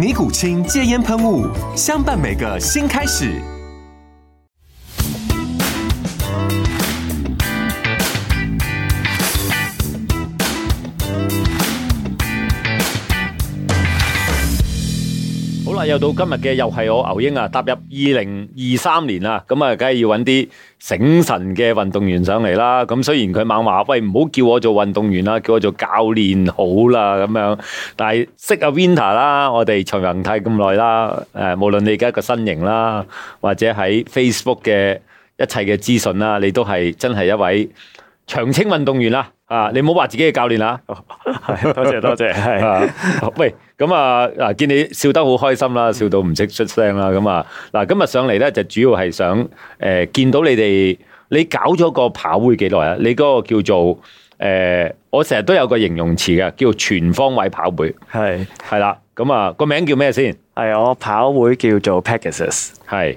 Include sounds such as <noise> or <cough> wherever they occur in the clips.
尼古清戒煙噴霧，相伴每個新開始。又到今日嘅，又係我牛英啊！踏入二零二三年啦，咁啊，梗係要搵啲醒神嘅運動員上嚟啦。咁雖然佢猛話，喂，唔好叫我做運動員啦，叫我做教練好啦咁樣。但係識阿 Winter 啦，我哋長恒睇咁耐啦。誒，無論你而家個身形啦，或者喺 Facebook 嘅一切嘅資訊啦，你都係真係一位。長青運動員啦，啊，你唔好話自己嘅教練啦。多謝 <laughs> 多謝，係、 <laughs> 啊。喂，咁啊，嗱，見你笑得好開心啦，笑到唔識出聲啦，咁啊，嗱，今日上嚟咧就主要係想，誒、呃，見到你哋，你搞咗個跑會幾耐啊？你嗰個叫做，誒、呃，我成日都有個形容詞嘅，叫全方位跑會，係係啦，咁啊，個名叫咩先？係我跑會叫做 Pegasus，係。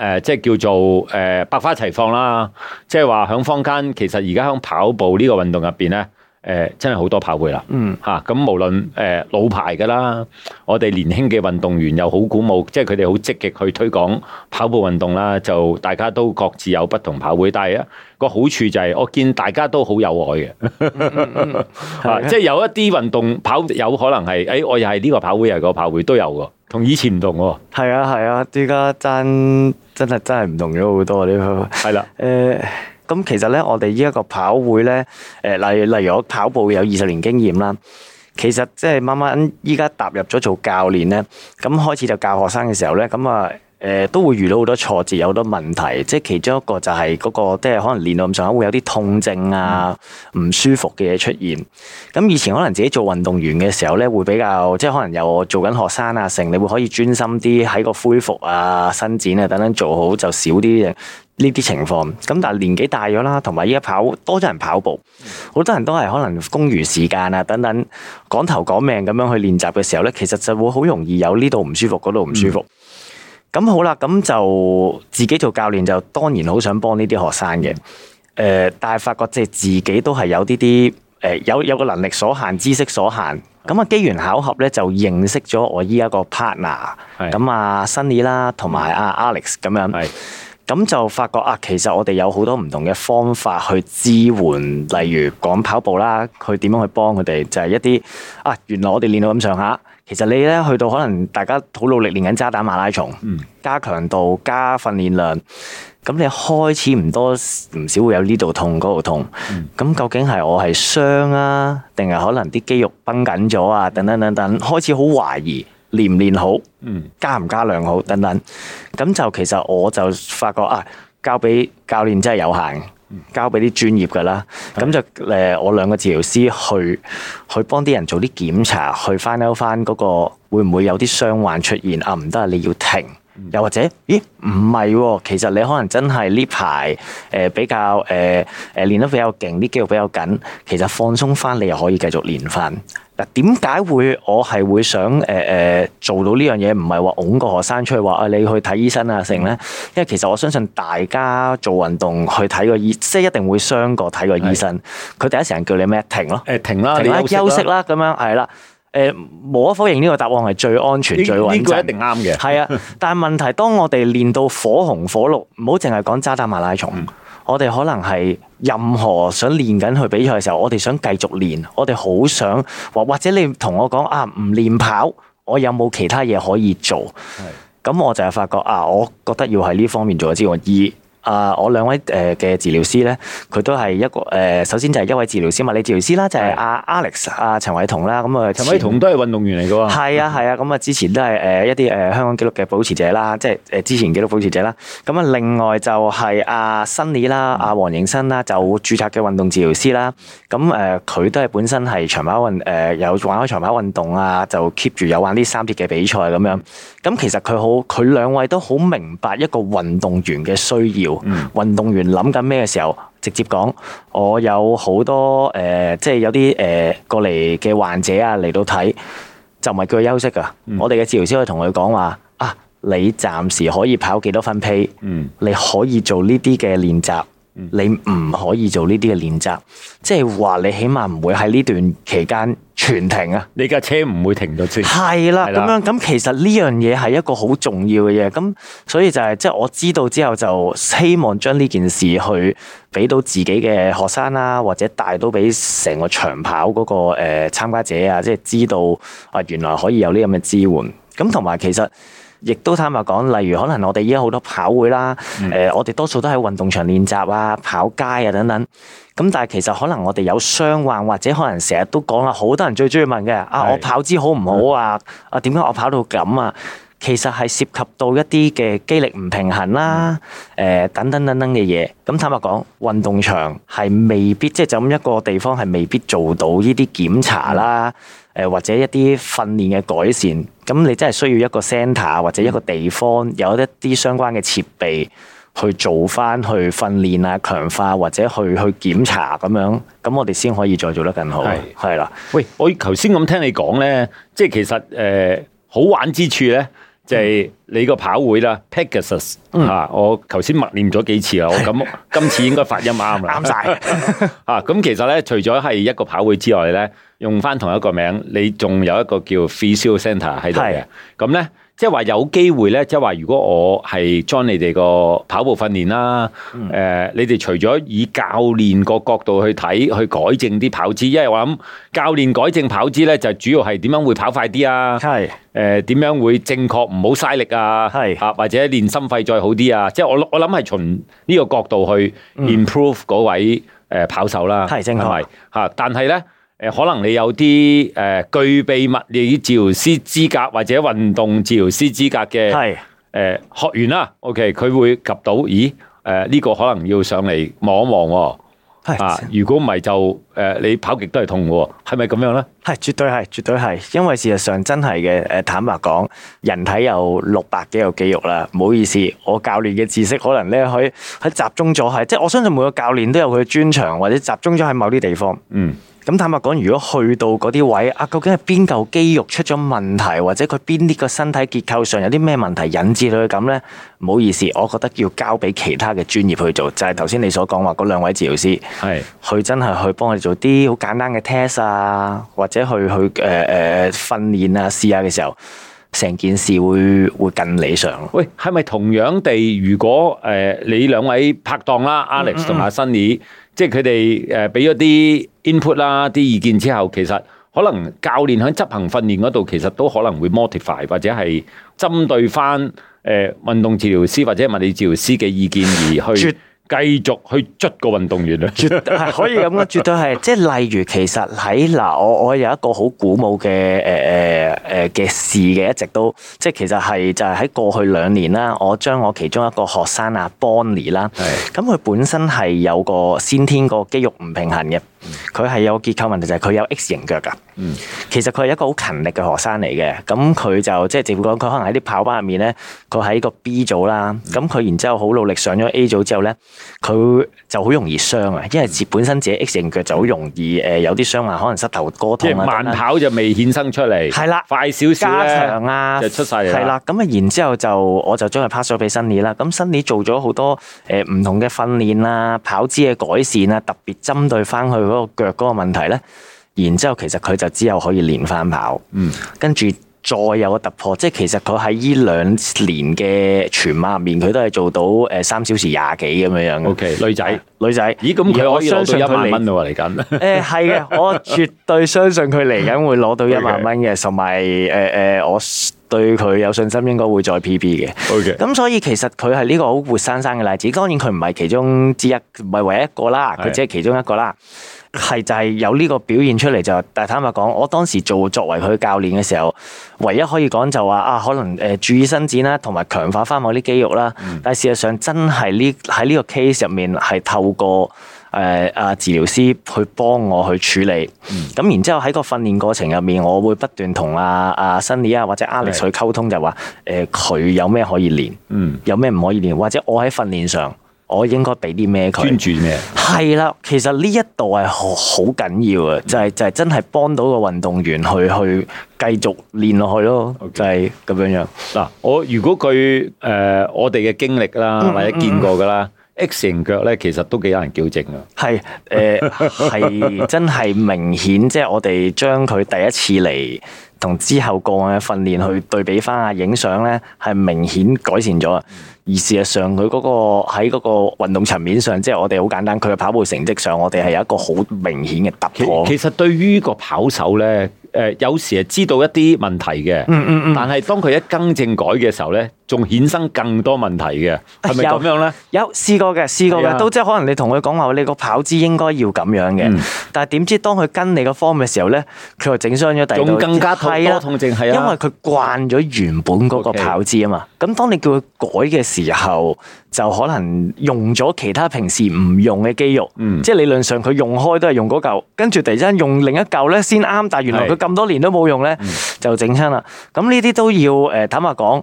誒、呃，即係叫做誒、呃、百花齊放啦，即係話響坊間，其實而家響跑步個運呢個運動入邊咧，誒、呃、真係好多跑會啦，吓咁、嗯啊、無論誒、呃、老牌噶啦，我哋年輕嘅運動員又好鼓舞，即係佢哋好積極去推廣跑步運動啦，就大家都各自有不同跑會，但係啊個好處就係我見大家都好有愛嘅、 <laughs> 啊，即係有一啲運動跑有可能係誒、哎、我又係呢個跑會，又係個跑會都有噶。同以前唔同喎、哦，係啊係啊，依家、啊、真真係真係唔同咗好多呢個，係啦 <laughs> 的。誒、呃，咁其實咧，我哋依一個跑會咧，誒，例如例如我跑步有二十年經驗啦，其實即係慢慢依家踏入咗做教練咧，咁開始就教學生嘅時候咧，咁啊。誒、呃、都會遇到好多挫折，有好多問題。即係其中一個就係嗰、那個，即係可能練到咁上下會有啲痛症啊、唔、嗯、舒服嘅嘢出現。咁以前可能自己做運動員嘅時候咧，會比較即係可能有做緊學生啊，成你會可以專心啲喺個恢復啊、伸展啊等等做好，就少啲呢啲情況。咁但係年紀大咗啦，同埋依家跑多咗人跑步，好、嗯、多人都係可能工餘時間啊等等，趕頭趕命咁樣去練習嘅時候咧，其實就會好容易有呢度唔舒服，嗰度唔舒服。嗯咁好啦，咁就自己做教練就當然好想幫呢啲學生嘅，誒、呃，但係發覺即係自己都係有啲啲誒，有有個能力所限、知識所限。咁啊、嗯，機緣巧合咧就認識咗我依一個 partner，咁是啊，Sunny 啦，同埋啊 Alex 咁樣。咁是就發覺啊，其實我哋有好多唔同嘅方法去支援，例如講跑步啦，去點樣去幫佢哋，就係、是、一啲啊，原來我哋練到咁上下。其實你咧去到可能大家好努力練緊渣打馬拉松，嗯、加強度、加訓練量，咁你開始唔多唔少會有呢度痛嗰度痛，咁、嗯、究竟係我係傷啊，定係可能啲肌肉繃緊咗啊？等等等等，開始好懷疑練唔練好，加唔加量好等等，咁就其實我就發覺啊，交俾教練真係有限。交俾啲專業㗎啦，咁就誒、呃、我兩個治療師去去幫啲人做啲檢查，去 find out 翻嗰個會唔會有啲傷患出現啊？唔得啊，你要停。嗯、又或者，咦？唔係喎，其實你可能真係呢排誒比較誒誒、呃、練得比較勁，啲肌肉比較緊，其實放鬆翻你又可以繼續練翻。嗱，點解會我係會想誒誒做到呢樣嘢？唔係話擁個學生出去話啊，你去睇醫生啊，成咧？因為其實我相信大家做運動去睇個醫，即係一定會傷過睇個醫生。佢第一時間叫你咩？停咯，停啦，休息啦，咁樣係啦。誒，無可否認呢個答案係最安全、最穩陣，呢個一定啱嘅。係啊，但係問題當我哋練到火紅火綠，唔好淨係講渣打馬拉松。我哋可能係任何想練緊去比賽嘅時候，我哋想繼續練，我哋好想或或者你同我講啊，唔練跑，我有冇其他嘢可以做？咁是我就係發覺啊，我覺得要喺呢方面做，之外二。啊！Uh, 我兩位誒嘅、呃、治療師咧，佢都係一個誒、呃，首先就係一位治療師物理治療師啦，就係、是、阿、啊、的 Alex、啊、阿陳偉彤啦。咁、嗯、前啊，陳偉彤都係運動員嚟噶喎。係啊，係啊，咁、嗯、啊，嗯、之前都係誒一啲誒香港紀錄嘅保持者啦，即係誒之前紀錄保持者啦。咁啊，另外就係阿 Sunny 啦、阿黃盈生啦，就註冊嘅運動治療師啦。咁、嗯、誒，佢、呃呃、都係本身係長跑運誒，有玩開長跑運動啊，就 keep 住有玩呢三節嘅比賽咁樣。咁其實佢好，佢兩位都好明白一個運動員嘅需要。嗯、運動員諗緊咩嘅時候，直接講：我有好多誒、呃，即係有啲誒、呃、過嚟嘅患者啊，嚟到睇就唔係叫佢休息噶。嗯、我哋嘅治療師可以同佢講話：啊，你暫時可以跑幾多分批？嗯、你可以做呢啲嘅練習。你唔可以做呢啲嘅練習，即係話你起碼唔會喺呢段期間全停啊！你架車唔會停到先，係啦的，咁的樣咁其實呢樣嘢係一個好重要嘅嘢，咁所以就係、是、即係我知道之後就希望將呢件事去俾到自己嘅學生啦、啊，或者帶到俾成個長跑嗰、那個誒、呃、參加者啊，即係知道啊原來可以有呢咁嘅支援，咁同埋其實。亦都坦白講，例如可能我哋依家好多跑會啦，誒、嗯呃，我哋多數都喺運動場練習啊、跑街啊等等。咁但係其實可能我哋有傷患，或者可能成日都講啦，好多人最中意問嘅是的 啊，我跑姿好唔好啊？是的 啊，點解我跑到咁啊？其實係涉及到一啲嘅肌力唔平衡啦，誒、呃、等等等等嘅嘢。咁坦白講，運動場係未必即係就咁、是、一個地方係未必做到呢啲檢查啦。嗯嗯誒、或者一啲訓練嘅改善，咁你真係需要一個 centre 或者一個地方，有一啲相關嘅設備去做翻去訓練啊、強化或者去去檢查咁樣，咁我哋先可以再做得更好。係係啦，的喂，我頭先咁聽你講呢，即係其實誒、呃、好玩之處呢。即係你個跑會啦，Pegasus、嗯、啊！我頭先默念咗幾次啦，是我咁今次應該發音啱啦，啱晒。 <laughs> 對了 <laughs> 啊！咁、嗯、其實咧，除咗係一個跑會之外咧，用翻同一個名，你仲有一個叫 Physio Center 喺度嘅，咁咧是。啊、嗯、呢即係話有機會咧，即係話如果我係 join 你哋個跑步訓練啦，誒、嗯呃，你哋除咗以教練個角度去睇，去改正啲跑姿，因為我諗教練改正跑姿咧，就主要係點樣會跑快啲啊？係誒是，點、呃、樣會正確唔好嘥力啊？係是啊，或者練心肺再好啲啊？即係我我諗係從呢個角度去 improve 嗰位誒跑手啦，係、嗯、正確吓，但係咧。誒，可能你有啲誒、呃、具備物理治療師資格或者運動治療師資格嘅誒是、呃、學員啦、啊。OK，佢會及到，咦？誒、呃、呢、這個可能要上嚟望一望、哦。係是、啊，如果唔係就誒、呃、你跑極都係痛嘅、哦，係咪咁樣咧？係，絕對係，絕對係，因為事實上真係嘅。誒，坦白講，人體有六百幾個肌肉啦。唔好意思，我教練嘅知識可能咧可以喺集中咗喺，即、就、係、是、我相信每個教練都有佢嘅專長或者集中咗喺某啲地方。嗯。咁坦白講，如果去到嗰啲位啊，究竟係邊嚿肌肉出咗問題，或者佢邊啲個身體結構上有啲咩問題引致到佢咁呢？唔好意思，我覺得要交俾其他嘅專業去做，就係頭先你所講話嗰兩位治療師，係佢是真係去幫佢哋做啲好簡單嘅 test 啊，或者去去誒誒、呃、訓練啊試下嘅時候，成件事會會更理想。喂，係咪同樣地，如果誒、呃、你兩位拍檔啦，Alex 同埋 Sunny？即係佢哋誒俾咗啲 input 啦，啲意見之後，其實可能教練喺執行訓練嗰度，其實都可能會 modify 或者係針對翻誒運動治療師或者物理治療師嘅意見而去。繼續去捽個運動員啊，絕對係可以咁嘅，絕對係即係例如其實喺嗱，我我有一個好鼓舞嘅誒誒誒嘅事嘅，一直都即係其實係就係、是、喺過去兩年啦，我將我其中一個學生阿 Bonnie 啦是，咁佢本身係有個先天個肌肉唔平衡嘅。佢係有結構問題，就係佢有 X 型腳噶。其實佢係一個好勤力嘅學生嚟嘅，咁佢就即係，直講佢可能喺啲跑班入面咧，佢喺個 B 組啦。咁佢然之後好努力上咗 A 組之後咧，佢就好容易傷啊，因為自本身自己 X 型腳就好容易誒，有啲傷啊，可能膝頭哥痛啦。即係慢跑就未衍生出嚟，係啦了，快少少加強啊，就出晒嚟。係啦，咁啊，然之後就我就將佢 pass 咗俾新李啦。咁新李做咗好多誒唔、呃、同嘅訓練啦，跑姿嘅改善啊，特別針對翻去，嗰個腳嗰個問題咧，然之後其實佢就之後可以練翻跑，嗯，跟住再有個突破，即係其實佢喺呢兩年嘅全馬入面，佢都係做到誒三小時廿幾咁樣樣嘅。O、okay, K，女仔，女仔，咦？咁佢可以相信一萬蚊啊！嚟緊、欸，誒係嘅，我絕對相信佢嚟緊會攞到一萬蚊嘅，同埋誒誒，我對佢有信心，應該會再 PB 嘅。O K，咁所以其實佢係呢個好活生生嘅例子，當然佢唔係其中之一，唔係唯一一個啦，佢只係其中一個啦。係就係有呢個表現出嚟就，但坦白講，我當時做作為佢教練嘅時候，唯一可以講就話、是、啊，可能誒注意伸展啦，同埋強化翻我啲肌肉啦。嗯、但係事實上真係呢喺呢個 case 入面係透過誒阿、呃、治療師去幫我去處理。咁、嗯、然之後喺個訓練過程入面，我會不斷同阿阿 Sunny 啊或者 Alex 佢溝通就，就話誒佢有咩可以練，嗯、有咩唔可以練，或者我喺訓練上。我應該俾啲咩佢？專注咩？係啦，其實呢一度係好緊要嘅，就係、是、就係、是、真係幫到個運動員去去繼續練落去咯，Okay. 就係咁樣樣。嗱、呃，我如果佢誒我哋嘅經歷啦，或者見過嘅啦、嗯嗯、X 型腳咧，其實都幾難矯正嘅。係誒，係、呃、真係明顯，即係 <laughs> 我哋將佢第一次嚟。同之後過去嘅訓練去對比翻啊，影相咧係明顯改善咗。而事實上佢嗰個喺嗰個運動層面上，即係我哋好簡單，佢嘅跑步成績上，我哋係有一個好明顯嘅突破。其實對於個跑手咧，誒有時係知道一啲問題嘅，嗯嗯嗯。但係當佢一更正改嘅時候咧，仲衍生更多問題嘅，係咪咁樣咧？有試過嘅，試過嘅，都即係可能你同佢講話你個跑姿應該要咁樣嘅，嗯、但係點知當佢跟你個 form 嘅時候咧，佢又整傷咗第二個。更加，更加係啊，痛症係啊，因為佢慣咗原本嗰個跑姿啊嘛，咁 Okay. 當你叫佢改嘅時候，就可能用咗其他平時唔用嘅肌肉，即係理論上佢用開都係用嗰嚿，跟住突然間用另一嚿咧先啱，但係原來佢咁多年都冇用咧，就整親啦。咁呢啲都要誒，坦白講，誒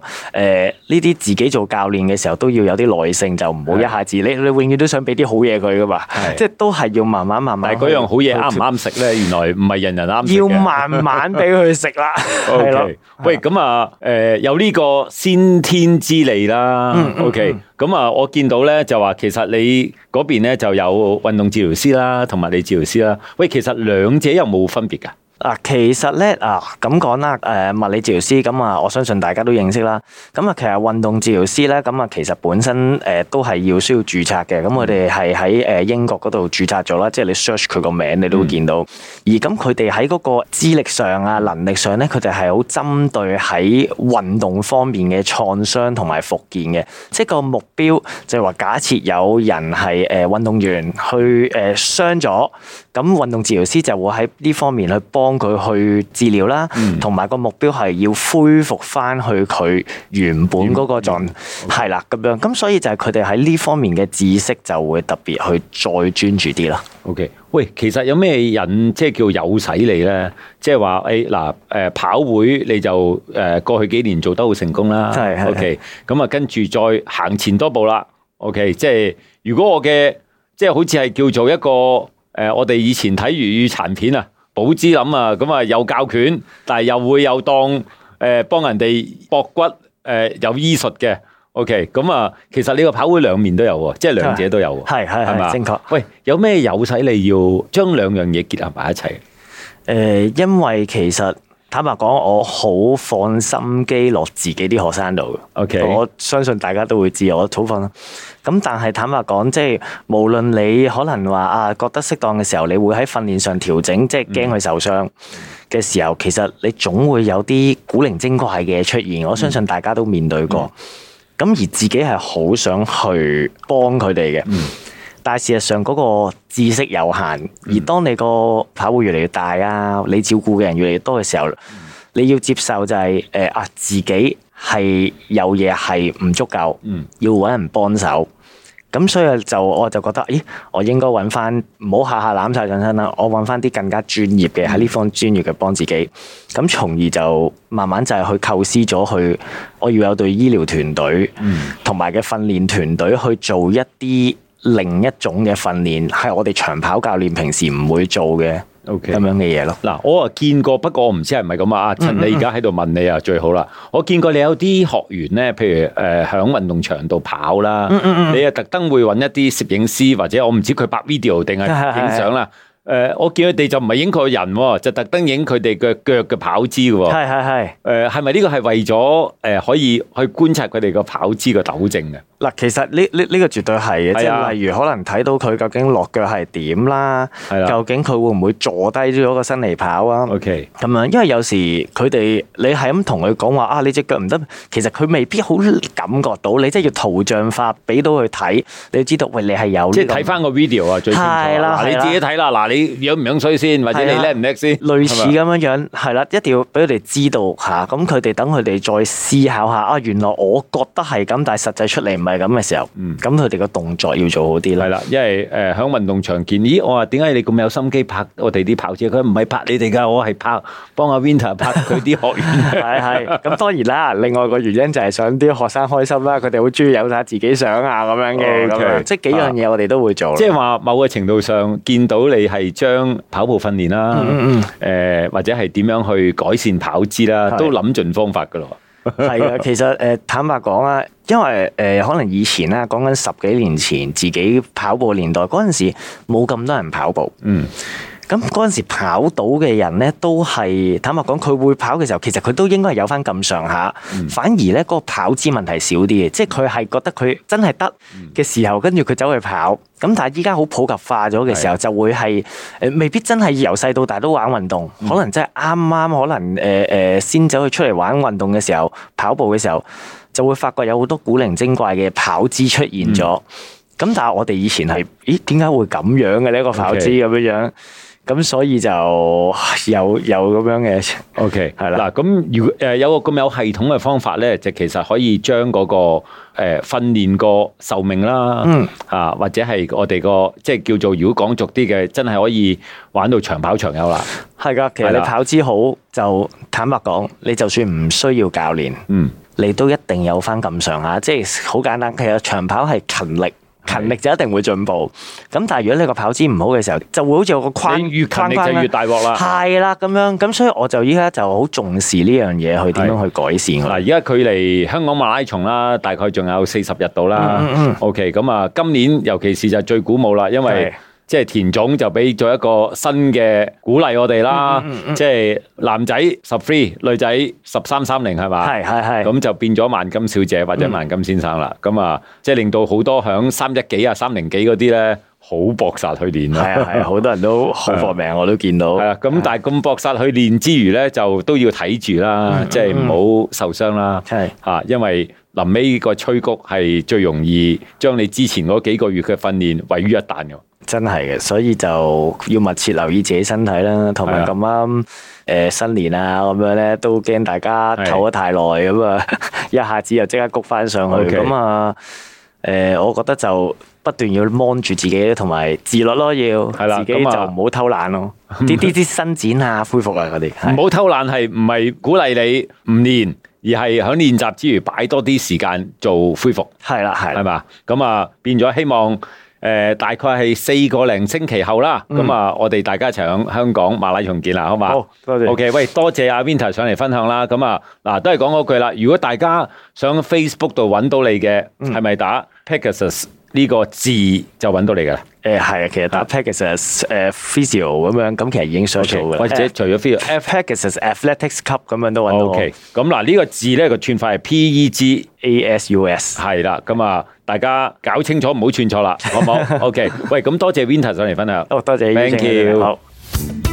呢啲自己做教練嘅時候都要有啲耐性，就唔好一下子，你你永遠都想俾啲好嘢佢噶嘛，即係都係要慢慢慢慢。但嗰樣好嘢啱唔啱食咧，原來唔係人人啱。要慢慢俾佢食啦。OK，喂，咁啊，誒有呢個先天之利啦。OK。咁啊，我見到咧就話，其實你嗰邊咧就有運動治療師啦，同埋物理治療師啦。喂，其實兩者有冇分別㗎？嗱，其實咧啊，咁講啦，誒，物理治療師咁啊，我相信大家都認識啦。咁啊，其實運動治療師咧，咁啊，其實本身誒都係要需要註冊嘅。咁我哋係喺誒英國嗰度註冊咗啦，即係你 search 佢個名，你都會見到。嗯、而咁佢哋喺嗰個資歷上啊、能力上咧，佢哋係好針對喺運動方面嘅創傷同埋復健嘅。即係個目標就係話，假設有人係誒運動員去誒傷咗。咁運動治療師就會喺呢方面去幫佢去治療啦，同埋個目標係要恢復翻去佢原本嗰個狀態啦咁樣。咁、嗯 okay、所以就係佢哋喺呢方面嘅知識就會特別去再專注啲啦。OK，喂，其實有咩人即係叫誘使你咧？即係話誒嗱誒跑會你就誒過去幾年做得好成功啦。係、嗯、OK，咁啊跟住再行前多步啦。OK，即係如果我嘅即係好似係叫做一個。誒、呃，我哋以前睇《粵語殘片》芝林啊，寶芝林啊，咁啊有教拳，但係又會又當誒幫、呃、人哋駁骨，誒、呃、有醫術嘅。O K，咁啊，其實呢個跑會兩面都有喎，即係兩者都有。係係係嘛，吧正確確。喂，有咩有使你要將兩樣嘢結合埋一齊？誒、呃，因為其實。坦白講，我好放心機落自己啲學生度 OK，我相信大家都會知我操訓啦。咁但係坦白講，即係無論你可能話啊，覺得適當嘅時候，你會喺訓練上調整，即係驚佢受傷嘅時候，嗯、其實你總會有啲古靈精怪嘅出現。我相信大家都面對過。咁、嗯、而自己係好想去幫佢哋嘅。嗯但係事實上嗰個知識有限，而當你個跑會越嚟越大啊，你照顧嘅人越嚟越多嘅時候，嗯、你要接受就係誒啊自己係有嘢係唔足夠，嗯、要搵人幫手。咁所以就我就覺得，咦，我應該搵翻唔好下下攬晒上身啦，我搵翻啲更加專業嘅喺呢方專業嘅幫自己。咁從而就慢慢就係去構思咗去，我要有對醫療團隊，同埋嘅訓練團隊去做一啲。另一種嘅訓練係我哋長跑教練平時唔會做嘅咁 Okay. 樣嘅嘢咯。嗱，我啊見過，不過我唔知係唔係咁啊。趁，你而家喺度問你啊，嗯嗯嗯，最好啦。我見過你有啲學員咧，譬如誒喺、呃、運動場度跑啦，嗯嗯嗯，你啊特登會揾一啲攝影師或者我唔知佢拍 video 定係影相啦。誒，我見佢哋就唔係影佢個人，就特登影佢哋嘅腳嘅跑姿嘅。係係係。誒，係咪呢個係為咗誒可以去觀察佢哋個跑姿嘅糾正嘅？嗱，其實呢呢呢個絕對係嘅，即的例如可能睇到佢究竟落腳係點啦，的究竟佢會唔會坐低咗個身嚟跑啊？OK，咁樣，因為有時佢哋你係咁同佢講話啊，你隻腳唔得，其實佢未必好感覺到，你即係要圖像化俾到佢睇，你知道喂，你係有、這個。即係睇翻個 video 啊，最清楚啦。你自己睇啦，嗱你。飲唔飲水先，或者你叻唔叻先？類似咁樣樣，係啦，一定要俾佢哋知道吓，咁佢哋等佢哋再思考下啊。原來我覺得係咁，但係實際出嚟唔係咁嘅時候，咁佢哋個動作要做好啲啦。係啦，因為誒響運動場見，咦我話點解你咁有心機拍我哋啲跑者？佢唔係拍你哋噶，我係拍幫阿 Winter 拍佢啲學員。係係，咁當然啦。另外個原因就係想啲學生開心啦，佢哋好中意有晒自己相啊咁樣嘅，咁樣即係幾樣嘢我哋都會做。即係話某個程度上見到你係。將跑步訓練啦，誒、嗯呃、或者係點樣去改善跑姿啦，的都諗盡方法㗎喇。係啊，其實誒坦白講啊，因為誒可能以前啦，講緊十幾年前自己跑步年代嗰陣時，冇咁多人跑步。嗯。咁嗰陣時跑到嘅人咧，都係坦白講，佢會跑嘅時候，其實佢都應該係有翻咁上下。嗯、反而咧，嗰個跑姿問題少啲嘅，嗯、即係佢係覺得佢真係得嘅時候，跟住佢走去跑。咁但係依家好普及化咗嘅時候，是的 就會係誒、呃、未必真係由細到大都玩運動，嗯、可能真係啱啱可能誒誒、呃呃、先走去出嚟玩運動嘅時候，跑步嘅時候就會發覺有好多古靈精怪嘅跑姿出現咗。咁、嗯嗯、但係我哋以前係，咦點解會咁樣嘅呢一個跑姿咁 Okay 樣？咁所以就有有咁樣嘅，O K 係啦。嗱 Okay. 的，咁如果誒、呃、有個咁有系統嘅方法咧，就其實可以將嗰、那個誒、呃、訓練個壽命啦，嗯啊，或者係我哋個即係叫做如果講俗啲嘅，真係可以玩到長跑長有啦。係噶，其實你跑姿好的就坦白講，你就算唔需要教練，嗯，你都一定有翻咁上下，即係好簡單，其實長跑係勤力。勤力就一定會進步，咁但係如果你個跑姿唔好嘅時候，就會好似有個框越勤力就越大鑊啦，係啦咁樣，咁所以我就依家就好重視呢樣嘢去點樣去改善嗱，而家距離香港馬拉松啦，大概仲有四十日到啦，OK，咁啊，今年尤其是就係最鼓舞啦，因為。即係田總就俾咗一個新嘅鼓勵我哋啦，嗯嗯、即係男仔十 free，女仔十三三零係嘛？係係係咁就變咗萬金小姐或者萬金先生啦。咁啊、嗯嗯嗯，即係令到好多響三一幾啊、三零幾嗰啲咧，好搏殺去練。係係、啊，好多人都好搏命，是我都見到。係啦，咁但係咁搏殺去練之餘咧，就都要睇住啦，即係唔好受傷啦。係嚇，因為臨尾個催谷係最容易將你之前嗰幾個月嘅訓練毀於一旦㗎。真係嘅，所以就要密切留意自己身體啦，同埋咁啱誒新年啊咁樣咧，都驚大家唞得太耐咁啊，一下子又即刻谷翻上去咁啊！誒，我覺得就不斷要望住自己同埋自律咯，要自己就唔好偷懶咯。啲啲啲伸展啊，恢復啊，我哋唔好偷懶係唔係鼓勵你唔練，而係喺練習之餘擺多啲時間做恢復。係啦，係係嘛，咁啊變咗希望。誒，大概係四個零星期後啦，咁啊，我哋大家一齊響香港馬拉松見啦，好嘛？好，多謝。O K，喂，多謝阿 Winter 上嚟分享啦。咁啊，嗱，都係講嗰句啦。如果大家上 Facebook 度搵到你嘅，係咪打 Pegasus 呢個字就搵到你噶啦？誒，係，其實打 Pegasus 誒，Physio 咁樣，咁其實已經上到嘅，或者除咗 Physio，Pegasus Athletics Club 咁樣都搵到，O K，咁嗱，呢個字咧個串法係 P E G A S U S，係啦，咁啊。大家搞清楚，唔好串錯啦，好唔好？OK，喂，咁多謝 Winter 上嚟分享。哦，多謝 Winter，好。